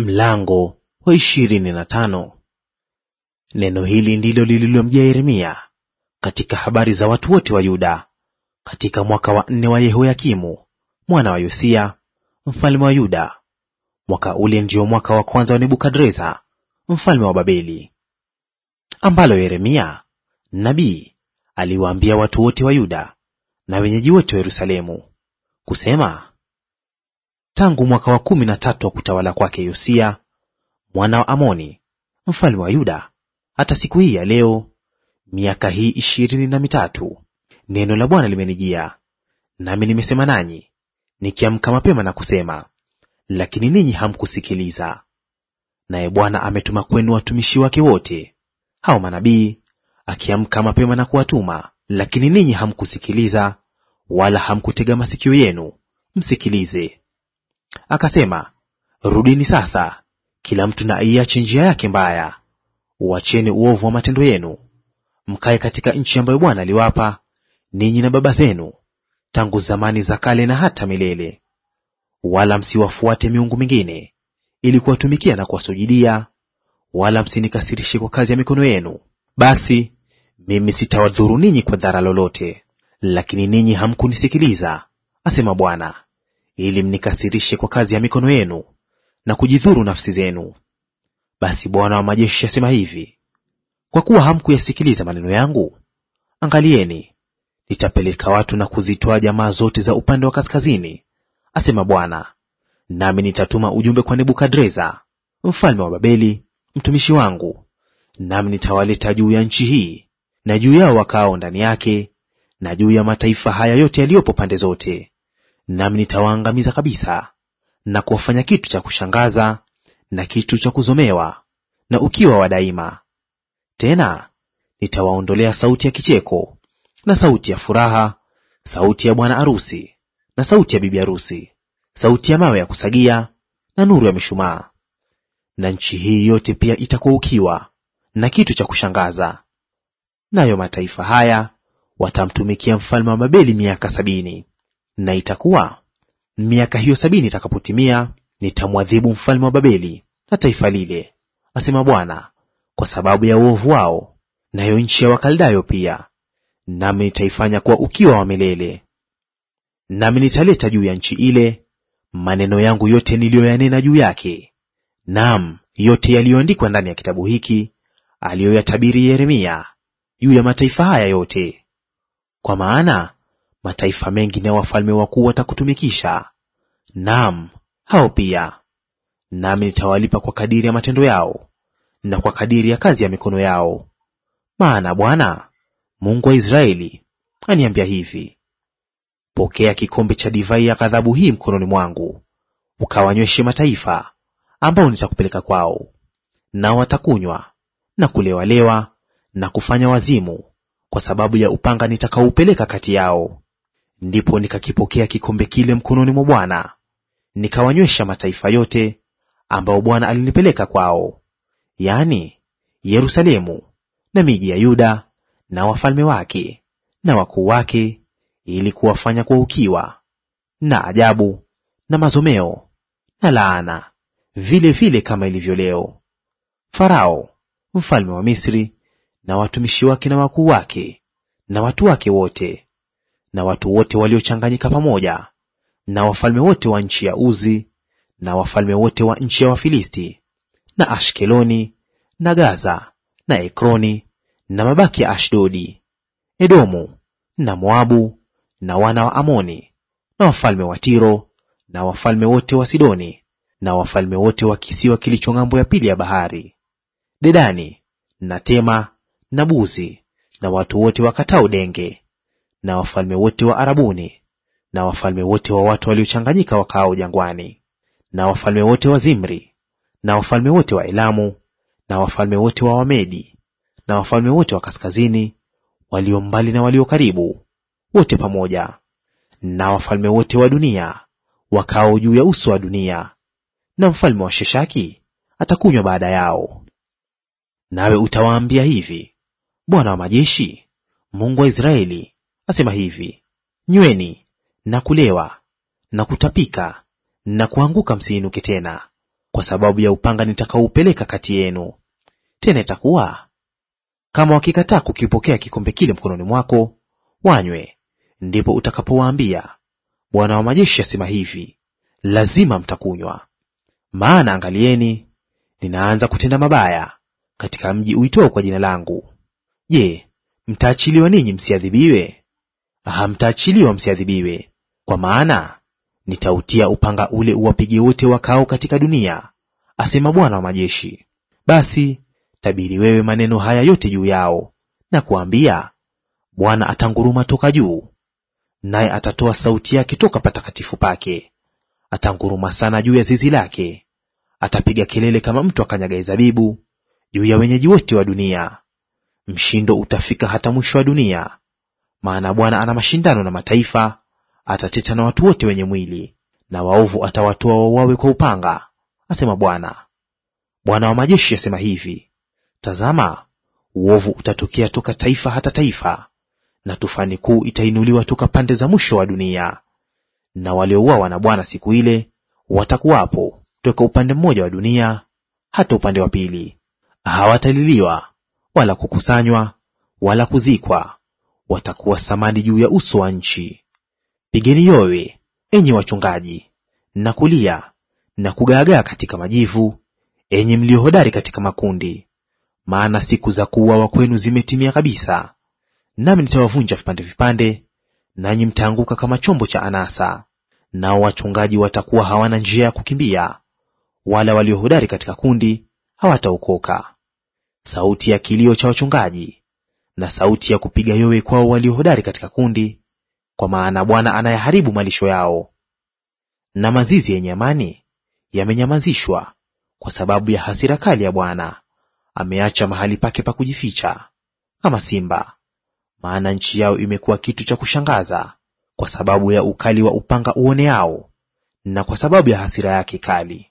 Mlango wa ishirini na tano. Neno hili ndilo lililomjia Yeremia katika habari za watu wote wa Yuda katika mwaka wa nne wa Yehoyakimu mwana wa Yosia mfalme wa Yuda. Mwaka ule ndio mwaka wa kwanza wa Nebukadreza mfalme wa Babeli, ambalo Yeremia nabii aliwaambia watu wote wa Yuda na wenyeji wote wa Yerusalemu kusema tangu mwaka wa kumi na tatu wa kutawala kwake Yosia mwana wa Amoni mfalme wa Yuda hata siku hii ya leo, miaka hii ishirini na mitatu, neno la Bwana limenijia nami nimesema nanyi nikiamka mapema na kusema, lakini ninyi hamkusikiliza. Naye Bwana ametuma kwenu watumishi wake wote hao manabii, akiamka mapema na kuwatuma, lakini ninyi hamkusikiliza, wala hamkutega masikio yenu msikilize. Akasema, rudini sasa, kila mtu na aiache njia yake mbaya, uacheni uovu wa matendo yenu, mkae katika nchi ambayo Bwana aliwapa ninyi na baba zenu tangu zamani za kale na hata milele. Wala msiwafuate miungu mingine ili kuwatumikia na kuwasujudia, wala msinikasirishe kwa kazi ya mikono yenu. Basi mimi sitawadhuru ninyi kwa dhara lolote, lakini ninyi hamkunisikiliza, asema Bwana ili mnikasirishe kwa kazi ya mikono yenu na kujidhuru nafsi zenu. Basi Bwana wa majeshi asema hivi, kwa kuwa hamkuyasikiliza maneno yangu, angalieni, nitapeleka watu na kuzitoa jamaa zote za upande wa kaskazini, asema Bwana, nami nitatuma ujumbe kwa Nebukadreza mfalme wa Babeli mtumishi wangu, nami nitawaleta juu ya nchi hii na juu yao wakaao ndani yake na juu ya mataifa haya yote yaliyopo pande zote nami nitawaangamiza kabisa na kuwafanya kitu cha kushangaza na kitu cha kuzomewa na ukiwa wa daima. Tena nitawaondolea sauti ya kicheko na sauti ya furaha, sauti ya bwana arusi na sauti ya bibi arusi, sauti ya mawe ya kusagia na nuru ya mishumaa. Na nchi hii yote pia itakuwa ukiwa na kitu cha kushangaza. Nayo mataifa haya watamtumikia mfalme wa Babeli miaka sabini. Na itakuwa miaka hiyo sabini itakapotimia, nitamwadhibu mfalme wa Babeli na taifa lile, asema Bwana, kwa sababu ya uovu wao, nayo nchi ya Wakaldayo pia, nami nitaifanya kuwa ukiwa wa milele. Nami nitaleta juu ya nchi ile maneno yangu yote niliyoyanena juu yake, naam, yote yaliyoandikwa ndani ya kitabu hiki aliyoyatabiri Yeremia juu ya mataifa haya yote. Kwa maana mataifa mengi na wafalme wakuu watakutumikisha, naam hao pia. Nami nitawalipa kwa kadiri ya matendo yao na kwa kadiri ya kazi ya mikono yao, maana Bwana Mungu wa Israeli aniambia hivi: Pokea kikombe cha divai ya ghadhabu hii mkononi mwangu, ukawanyweshe mataifa ambao nitakupeleka kwao, nao watakunywa na kulewalewa na kufanya wazimu, kwa sababu ya upanga nitakaupeleka kati yao. Ndipo nikakipokea kikombe kile mkononi mwa Bwana, nikawanywesha mataifa yote ambao Bwana alinipeleka kwao, yaani Yerusalemu na miji ya Yuda na wafalme wake na wakuu wake, ili kuwafanya kwa ukiwa na ajabu na mazomeo na laana, vile vile kama ilivyo leo. Farao mfalme wa Misri na watumishi wake na wakuu wake na watu wake wote na watu wote waliochanganyika pamoja na wafalme wote wa nchi ya Uzi na wafalme wote wa nchi ya Wafilisti na Ashkeloni na Gaza na Ekroni na mabaki ya Ashdodi, Edomu na Moabu na wana wa Amoni na wafalme wa Tiro na wafalme wote wa Sidoni na wafalme wote wa kisiwa kilicho ng'ambo ya pili ya bahari, Dedani na Tema na Buzi na watu wote wakatao denge na wafalme wote wa Arabuni na wafalme wote wa watu waliochanganyika wakaao jangwani na wafalme wote wa Zimri na wafalme wote wa Elamu na wafalme wote wa Wamedi na wafalme wote wa kaskazini walio mbali na walio karibu, wote pamoja na wafalme wote wa dunia wakao juu ya uso wa dunia, na mfalme wa Sheshaki atakunywa baada yao. Nawe utawaambia hivi, Bwana wa majeshi, Mungu wa Israeli, asema hivi, nyweni na kulewa na kutapika na kuanguka, msiinuke tena, kwa sababu ya upanga nitakaoupeleka kati yenu. Tena itakuwa kama wakikataa kukipokea kikombe kile mkononi mwako wanywe, ndipo utakapowaambia, Bwana wa majeshi asema hivi, lazima mtakunywa. Maana angalieni, ninaanza kutenda mabaya katika mji uitoo kwa jina langu. Je, mtaachiliwa ninyi msiadhibiwe? hamtaachiliwa msiadhibiwe. Kwa maana nitautia upanga ule uwapige wote wakao katika dunia, asema Bwana wa majeshi. Basi tabiri wewe maneno haya yote juu yao, na kuambia, Bwana atanguruma toka juu, naye atatoa sauti yake toka patakatifu pake, atanguruma sana juu ya zizi lake, atapiga kelele kama mtu akanyagaye zabibu juu ya wenyeji wote wa dunia. Mshindo utafika hata mwisho wa dunia, maana Bwana ana mashindano na mataifa, atateta na watu wote wenye mwili, na waovu atawatoa wauawe kwa upanga, asema Bwana. Bwana wa majeshi asema hivi, tazama, uovu utatokea toka taifa hata taifa, na tufani kuu itainuliwa toka pande za mwisho wa dunia. Na waliouawa na Bwana siku ile watakuwapo toka upande mmoja wa dunia hata upande wa pili. Hawataliliwa wala kukusanywa wala kuzikwa, watakuwa samadi juu ya uso wa nchi. Pigeni yowe, enyi wachungaji, na kulia na kugaagaa katika majivu, enyi mliohodari katika makundi, maana siku za kuuawa kwenu zimetimia kabisa. Nami nitawavunja vipande vipande, nanyi mtaanguka kama chombo cha anasa. Nao wachungaji watakuwa hawana njia ya kukimbia, wala waliohodari katika kundi hawataokoka. Sauti ya kilio cha wachungaji na sauti ya kupiga yowe kwao walio hodari katika kundi, kwa maana Bwana anayaharibu malisho yao. Na mazizi yenye amani yamenyamazishwa kwa sababu ya hasira kali ya Bwana. Ameacha mahali pake pa kujificha kama simba, maana nchi yao imekuwa kitu cha kushangaza kwa sababu ya ukali wa upanga uoneao, na kwa sababu ya hasira yake kali.